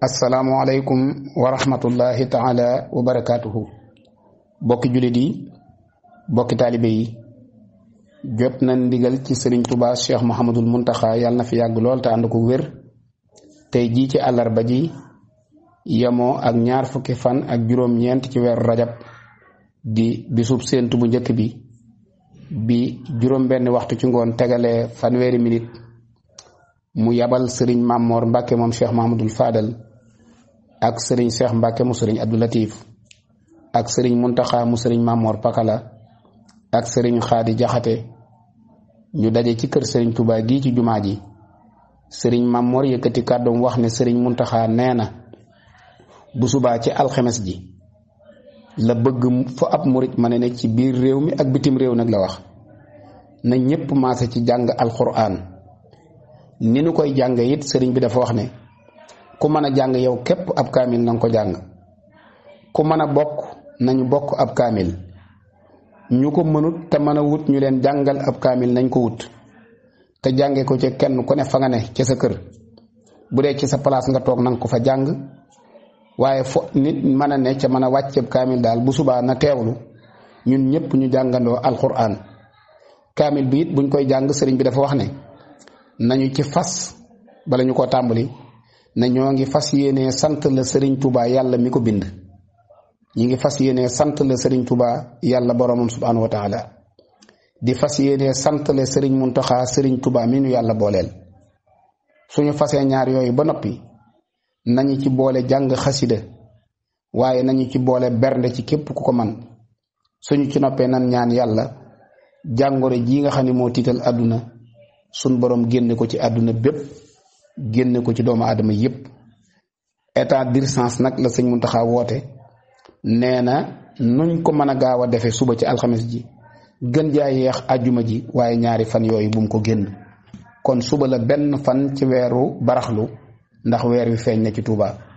asalaamualeykum wa rahmatullahi taala wa barakaatuhu bokki jullit yi bokki taalibe jot na ndigal ci sëriñ tubaa cheikh mohamadul muntaxa yàlla na fi yàgg lool te ànd ko wér tey jii ci àllarba ji yemoo ak ñaar fukki fan ak juróom-ñeent ci weer rajab di bisub séentu bu njëkk bi bi juróom benn waxtu ci ngoon tegalee fanweeri minit mu yabal serigne Mamor Mbacke mom Cheikh Mahamadul Fadal ak serigne Cheikh Mbacke mu serigne Abdou Latif ak serigne muntaha mu serigne Mamor Pakala ak serigne khadi jahate ñu dajé ci kër serigne Touba gi ci juma ji serigne Mamor yëkëti kàddoom wax ne serigne Muntaxa nee bu suba ci alxemes ji la bëgg fa ab murit mané ne ci biir réew mi ak bitim réew nak la wax na maase ci jàng alxuraan ni nu koy jàng it sëriñ bi dafa wax ne ku mën a jàng yow képp ab kaamil na ko jàng ku mën a bokk nañu bokk ab kaamil ñu ko mënut te mën a wut ñu leen jàngal ab kaamil nañ ko wut te jànge ko ci kenn ku ne fa nga ne ca sa kër bu dee ci sa place nga toog na ko fa jàng waaye fo nit mën a ne ca mën a wàcc ab kaamil daal bu subaa na teewlu ñun ñëpp ñu jàngandoo alxuraan kaamil bi it buñ koy jàng sëriñ bi dafa wax ne nañu ci fas bala ñu ko tàmbali ne ñoo ngi fas yéenee sant la sëriñ Touba yàlla mi ko bind ñi ngi fas yéenee sant la sëriñ Touba yàlla boromam subhaanahu wa taala di fas yéenee sant la sëriñ Muntaxa sëriñ Touba mi nu yàlla booleel suñu fasee ñaar yooyu ba noppi nañu ci boole jàng xasida waaye nañu ci boole bernde ci képp ku ko man suñu ci noppee nan ñaan yàlla jàngoro ji nga xam ne moo tiital àdduna sun borom génne ko ci àdduna bépp génne ko ci doomu aadama yépp état d'urgence nag la sëñ Muntaxa woote nee na nuñ ko mën a gaaw a defee suba ci alxames ji gën jaa yeex ajjuma ji waaye ñaari fan yooyu bu ko génn kon suba la benn fan ci weeru baraxlu ndax weer wi feeñ na ci Tuubaa